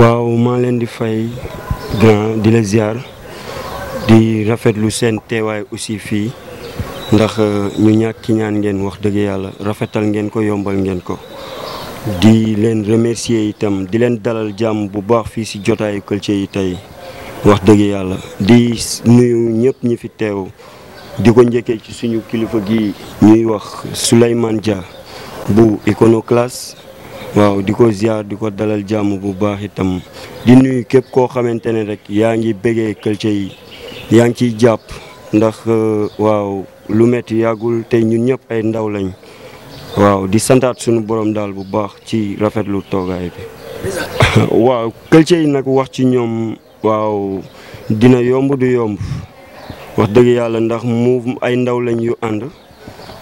waaw maa leen di fay grand di la ziar di rafetlu seen teewaay aussi fii ndax euh, ñu ñàkk ñaan ngeen wax dëgg yàlla rafetal ngeen ko yombal ngeen ko di leen remercier itam di leen dalal jàmm bu baax fii ci jotaayu Këlcé yi tey wax dëgg yàlla di nuyu ñëpp ñi fi teew di ko njëkkee ci suñu kilifa gi ñuy wax Souleymane Dia bu Iconoclaste waaw di ko ziar di ko dalal jàmm bu baax itam di nuyu képp koo xamante ne rek yaa ngi bëggee culture yi yaa ngi ciy jàpp ndax euh, waaw lu metti yàggul tey ñun ñëpp ay ndaw lañ waaw di santaat sunu borom daal bu baax ci rafetlu toogaay bi. waaw culture yi nag wax ci ñoom waaw dina yomb du yomb wax dëgg yàlla ndax mu ay ndaw lañu yu ànd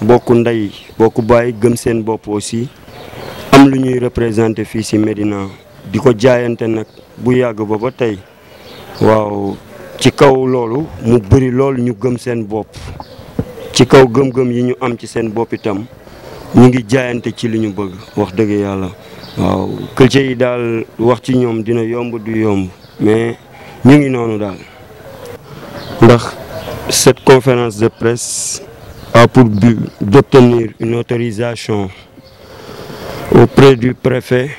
bokk ndey bokk bàyyi gëm seen bopp aussi. am lu ñuy représenté fii ci Médina di ko jaayante nag bu yàgg ba ba tey waaw ci kaw loolu mu bëri lool ñu gëm seen bopp ci kaw gëm-gëm yi ñu am ci seen bopp itam ñu ngi jaayante ci li ñu bëgg wax dëgg yàlla waaw culture yi daal wax ci ñoom dina yomb du yomb mais ñu ngi noonu daal ndax cette conférence de presse a pour but d'obtenir une autorisation auprès du préfet,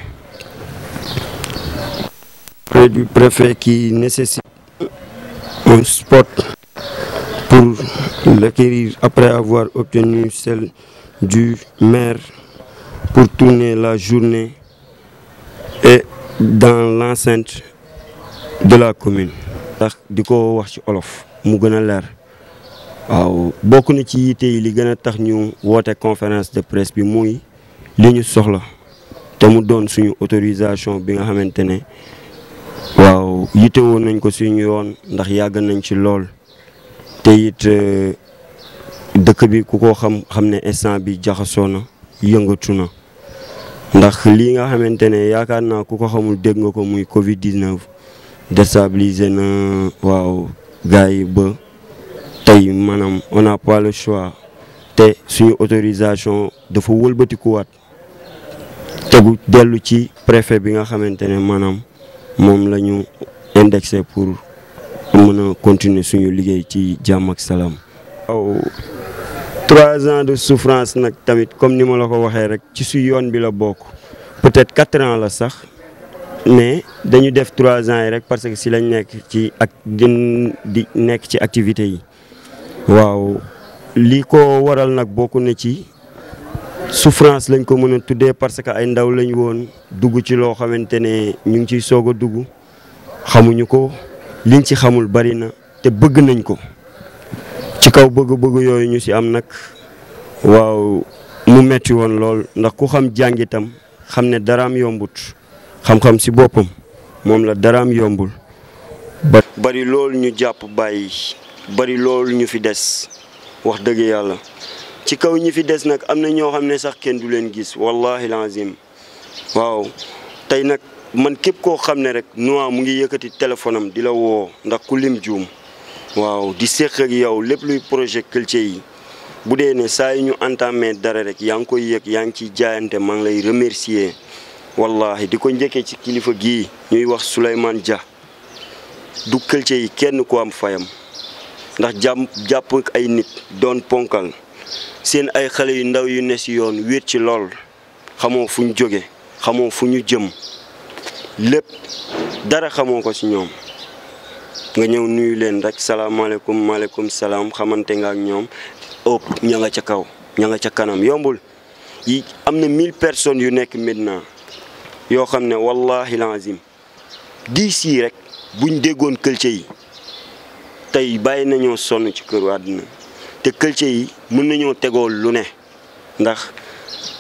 auprès du préfet qui nécessite un spot pour l'acquérir après avoir obtenu celle du maire pour tourner la journée et dans l'enceinte de la commune. ndax di ko wax ci olof mu gën a leer waaw bokk na ci yitte yi li gën a tax ñu woote conférence de presse bi muy li ñu soxla te mu doon suñu autorisation bi nga xamante ne waaw yite woon nañ ko suñu yoon ndax yàgg nañ ci lool te it euh, dëkk bi ku ko xam xam ne instant bi jaxasoo na yëngatu na ndax lii nga xamante ne yaakaar naa ku ko xamul dégg nga ko muy Covid 19 déstabiliser na waaw gars yi ba tey maanaam on n'a pas le choix te suñu autorisation dafa wëlbatikuwaat tegu dellu ci préfet bi nga xamante ne maanaam moom la ñu indexé pour mën a continuer suñu liggéey ci jàmm ak salaam. waaw trois ans de souffrance nag tamit comme ni ma la ko waxee rek ci su yoon bi la bokk peut-être quatre ans la sax mais dañu def trois ans yi rek parce que si lañ nekk ci ak di nekk ci activités yi. waaw li ko waral nag bokk na ci. souffrance lañ ko mën a tuddee parce que ay ndaw lañ woon dugg ci loo xamante ne ñu ngi ciy soog a dugg xamuñu ko ngi ci xamul bari na te bëgg nañ ko ci kaw bëgg-bëgg yooyu ñu si am nag waaw mu metti woon lool ndax ku xam jàngitam xam ne daraam yombut xam-xam si boppam moom la dara am yombul ba bari lool ñu jàpp bàyyi bari lool ñu fi des wax dëgg yàlla ci kaw ñi fi des nag am na ñoo xam ne sax kenn du leen gis wallahi lazim waaw tey nag man képp koo xam ne rek Noah mu ngi yëkkati téléphone di la woo ndax ku lim juum waaw di séq ak yow lépp luy projet culture yi bu dee ne saa yi ñu antame dara rek yaa ngi koy yëg yaa ngi ciy jaayante maa ngi lay remercier wallahi di ko njëkkee ci kilifa gi ñuy wax Souleymane Dia du culture yi kenn ku am fayam ndax jàmm jàpp ay nit doon ponkal seen ay xale yu ndaw yu ne si yoon wéet ci lool xamoo fu ñu jóge xamoo fu ñu jëm lépp dara xamoo ko ci ñoom nga ñëw nuyu leen rek salaamaaleykum maaleykum salaam xamante nga ak ñoom ëpp oh, ña nga ca kaw ña nga ca kanam yombul yi am na mille personnes yu nekk Médina yoo xam ne wallahi lazim diis yi rek buñ déggoon këlce yi tey bàyyi nañoo sonn ci këru àddina te culture yi mën nañoo tegoo lu ne ndax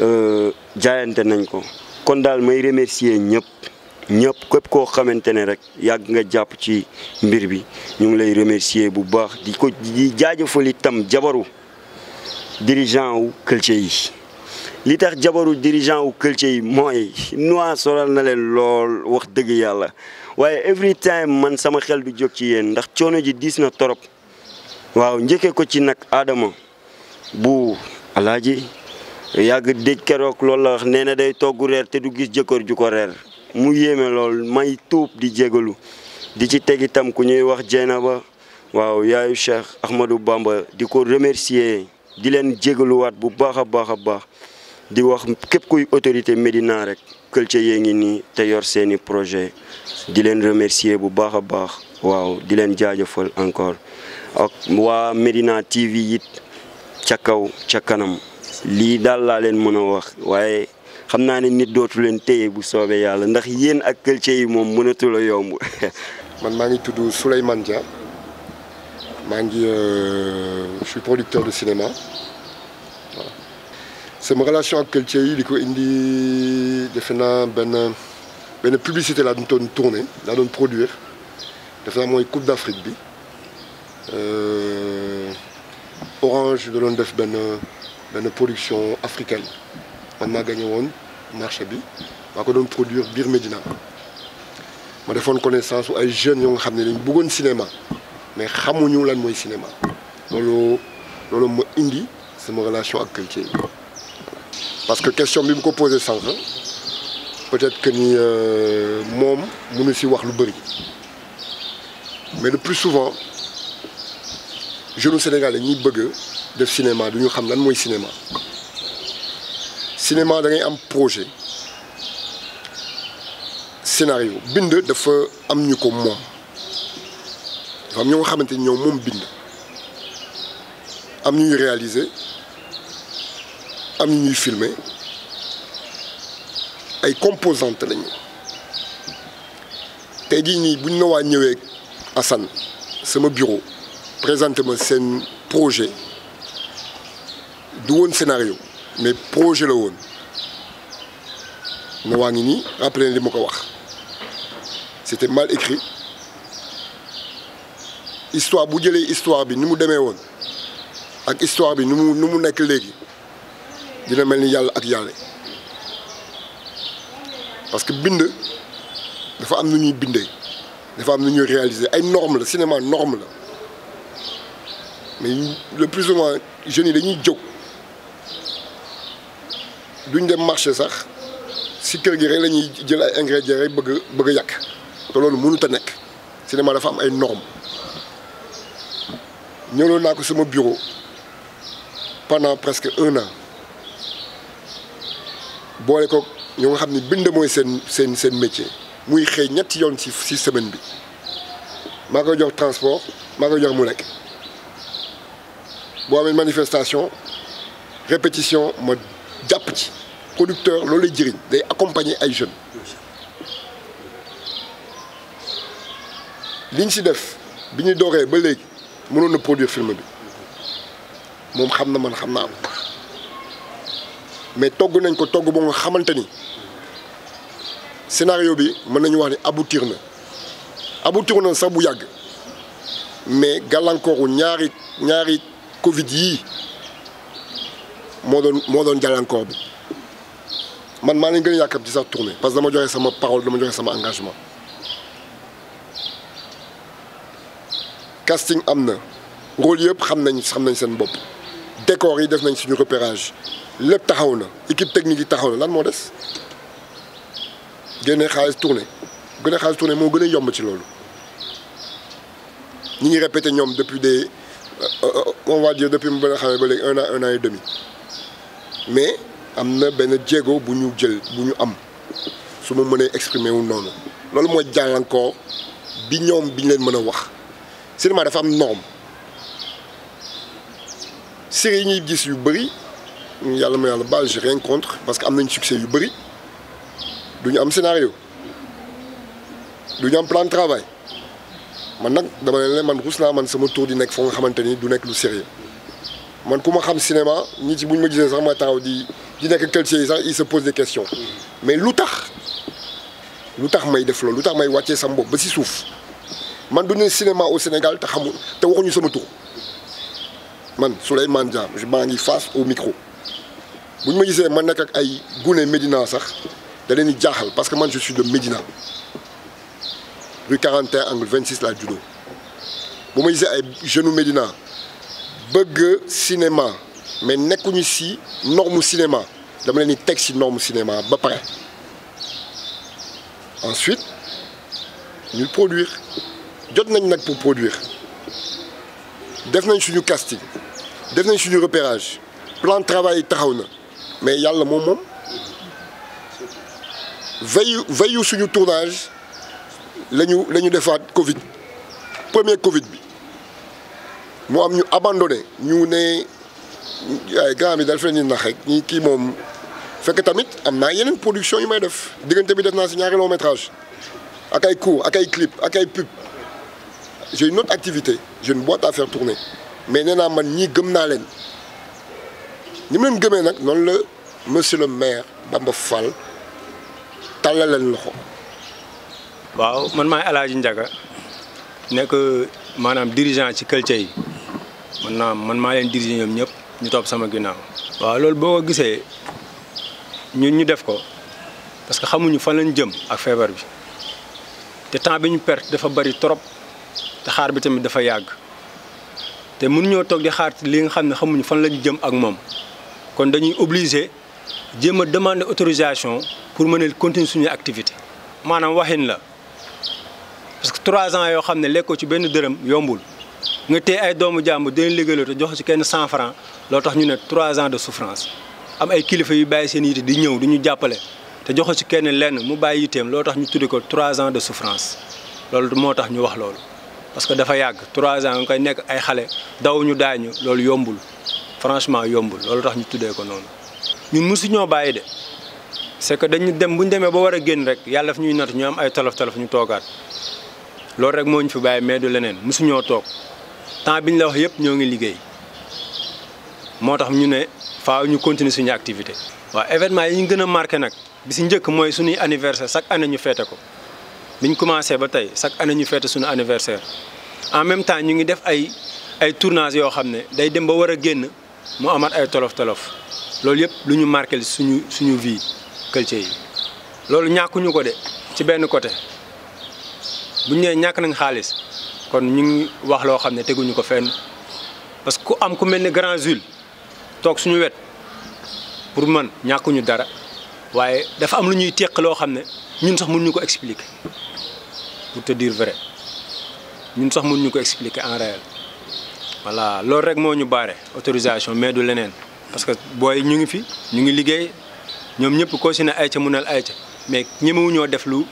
euh, jaayante nañ ko kon daal may remercier ñëpp ñëpp képp koo xamante ne rek yàgg nga jàpp ci mbir bi ñu ngi lay remercier bu baax di ko di jaajëfal itam jabaru dirigeant wu culture yi li tax jabaru dirigeant wu culture yi mooy noa solal na leen lool wax dëgg yàlla waaye every time man sama xel du jóg ci yéen ndax coono ji diis na torop waaw njëkkee ko ci nag aadama bu alaaji yàgg dëj keroog loolu la wax nee na day togg reer te du gis jëkkër ju ko reer mu yéeme lool may tuub di jégalu di ci teg ku ñuy wax Jeynaba waaw yaayu Cheikh Ahmadou Bamba di ko remercier di leen jégaluwaat bu baax a baax a baax di wax képp kuy autorité Médina rek culture yee ngi nii te yor seeni projet di leen remercier bu baax a baax waaw di leen jaajëfal encore ak waa Medina TV it ca kaw ca kanam lii daal laa leen mën a wax waaye xam naa ne nit dootu leen téye bu soobee yàlla ndax yéen ak culture yi moom mënatul a yomb. man maa ngi tudd Souleymane Dia maa ngi euh, je producteur de cinéma voilà sama relation ak culture yi di ko indi defe naa benn benn publicité laa doon tourner laa doon produire defe naa mooy Coupe d'Afrique bi. Euh, Orange da doon def benn benn production africaine man maa gagné woon marché bi maa ko doon produire biir Médina moo defoon connaissance su ay jeunes yoo nga xam ne dañ bëggoon cinéma mais xamuñu lan mooy cinéma loolu loolu ma indi sama relation ak culture yi parce que question bi mu ko posé sànq peut-être que ni euh, moom mënu si wax lu bëri mais le plus souvent jeune Sénégalais ñi bëgg def cinéma du ñu xam lan mooy cinéma cinéma da am projet scénario bind dafa am ñu ko moom dafa ñoo xamante ni ñoom moom bind am ñuy réaliser am ñuy filmer ay composante lañu tey jii nii buñ la waa ñëwee Assane sama bureau présenté ma seen projet du woon scénario mais projet la woon na waa ngi nii rappelé li ma ko wax c'était mal écrit histoire bu jëlee histoire bi ni mu demee woon ak histoire bi ni mu ni mu nekk léegi dina mel ni yàlla ak yàlle parce que bind dafa am nu ñuy bindee dafa am nu ñuy réaliser ay normes la cinéma norme la mais le plus souvent jeunes yi dañuy jóg duñ dem marché sax si kër gi rek la ñuy jël ay ingrédients rek bëgg bëgg a yàq te loolu mënut a nekk cinéma dafa am ay normes ñëwloon naa ko sama bureau pendant presque un an boole ko ñoo nga xam ni bind mooy seen seen seen métier muy xëy ñetti yoon ci ci semaine bi maa koy jox transport maa koy jox mu lekk. boo amee manifestation répétition ma jàpp ci producteur loolu lay jëriñ day accompagner ay jeunes liñ si def bi ñuy dooree ba léegi mënoon na produire film bi moom xam na man xam naa am mais togg nañ ko togg ba nga xamante ni scénario bi mën nañu wax ni aboutir na aboutir na sax bu yàgg mais gàllankooru ñaari ñaari Covid yii moo doon moo doon jàllankoor bi man maa leen gën a yàkkam ci sax tournée parce que dama joxe sama parole dama joxe sama engagement casting am na rôle yëpp xam nañ xam nañ seen bopp décor yi def nañ suñu repérage lépp taxaw na équipe technique yi taxaw na lan moo des génne xaalis tournée génne xaalis tournée moo gën a yomb ci loolu ñu ngi répété ñoom depuis de on va dire ba nga xamee ba léegi un mais am na benn jéego bu ñu jël bu ñu am su ma mënee exprimer wu noonu loolu mooy jàllankoor bi ñoom bi ñu leen mën a wax cinéma dafa am norme série yi ñuy gis yu bëri yàlla ma yàlla baal j'ai rien parce que am nañ succès yu bëri du ñu am scénario du ñu am plan de man nag dama leen man rus naa man sama tour di nekk foo nga xamante ni du nekk lu sérieux man ku ma xam cinéma ñi ci bu ñu ma gisee sax ma taxaw di di nekk culture yi sax il se pose des questions mais lu tax lu tax may def loolu lu tax may wàccee sa bopp ba si suuf man du ne cinéma au Sénégal te xamul te waxuñu sama tur man Souleymane Dia maa ngi face au micro bu ñu ma gisee man nekk ak ay gune Médina sax da leen di jaaxal parce que man je suis rue 41 angle 26 laa juddoo bu ma gisee ay jeunes Médina bëgg cinéma mais nekkuñu si norme cinéma dama leen di teg si norme cinéma ba pare ensuite ñu produire jot nañ nag pour produire def nañ suñu casting def nañ suñu repérage plan travail yi taxaw na mais yàlla moom moom veillu veillu suñu tournage la ñu la ñu defaat Covid premier Covid bi moo am ñu abandonné ñu ne ay gars mi daal fi la nax rek ñi kii moom fekk tamit am naa yeneen production yu may def diggante bi def naa si ñaari métrage ak ay cours ak ay clip ak ay pub j'ai une autre activité jeune une boîte à faire tourner mais nee naa man ñii gëm naa leen ñi mu leen gëmee nag noonu la monsieur le maire Bamba Fall tàllal leen loxo. waaw man maa El njaga Ndiaga nekk maanaam dirigeant ci culture yi man naa man maa leen diriger ñoom ñëpp ñu topp sama ginnaaw. waaw loolu boo ko gisee ñu ñu def ko parce que xamuñu fan lañ jëm ak feebar bi te temps bi ñu perte dafa bari trop te xaar bi tamit dafa yàgg te mënuñoo toog di xaar li nga xam ne xamuñu fan lañ jëm ak moom kon dañuy obligé jéem a demander autorisation pour mën a continuer suñu activité. maanaam waxin la. parce que trois ans yoo xam ne lekkoo ci benn dërëm yombul nga téye ay doomu jàmbur dinañ liggéeyaloo te jox ci kenn cent franc loo tax ñu ne trois ans de souffrance am ay kilifa yu bàyyi seen yite di ñëw di jàppale te jox ci kenn lenn mu bàyyi yiteem loo tax ñu tudde ko trois ans de souffrance loolu moo tax ñu wax loolu. parce que dafa yàgg trois ans koy nekk ay xale daw ñu daañu loolu yombul franchement yombul loolu tax ñu tuddee ko noonu ñu ñun ñoo bàyyi de c'est que dañu dem bu demee ba war a génn rek yàlla fi ñuy natt ñu am ay tolof tolof ñu toogaat. loolu rek moo ñu fi bàyyi mais du leneen mu mosuñoo toog temps bi ñu la wax yëpp ñoo ngi liggéey moo tax ñu ne faa ñu continuer suñu activité. waaw événement yi ñu gën a marqué nag bi si njëkk mooy suñu anniversaire chaque année ñu feete ko ñu commencé ba tey chaque année ñu feete suñu anniversaire en même temps ñu ngi def ay ay tournages yoo xam ne day dem ba war a génn mu amaat ay tolof tolof loolu yëpp lu ñu marqué suñu suñu vie culture yi loolu ñàkkuñu ko de ci benn côté. bu ñu ñàkk nañ xaalis kon ñu ngi wax loo xam ne teguñu ko fenn parce que ku am ku mel ni Grand Jules toog suñu wet pour man ñàkkuñu dara waaye dafa am lu ñuy teq loo xam ne ñun sax mënuñu ko expliquer pour te dire ñun sax mënuñu ko expliquer en réel voilà loolu rek moo ñu baare autorisation mais du leneen parce que booy ñu ngi fi ñu ngi liggéey ñoom ñëpp koo si ne ayca munal ayca mais ñemewuñoo def lu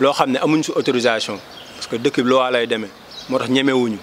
loo xam ne amuñ su autorisation parce que dëkk bi loo lay demee moo tax ñemewuñu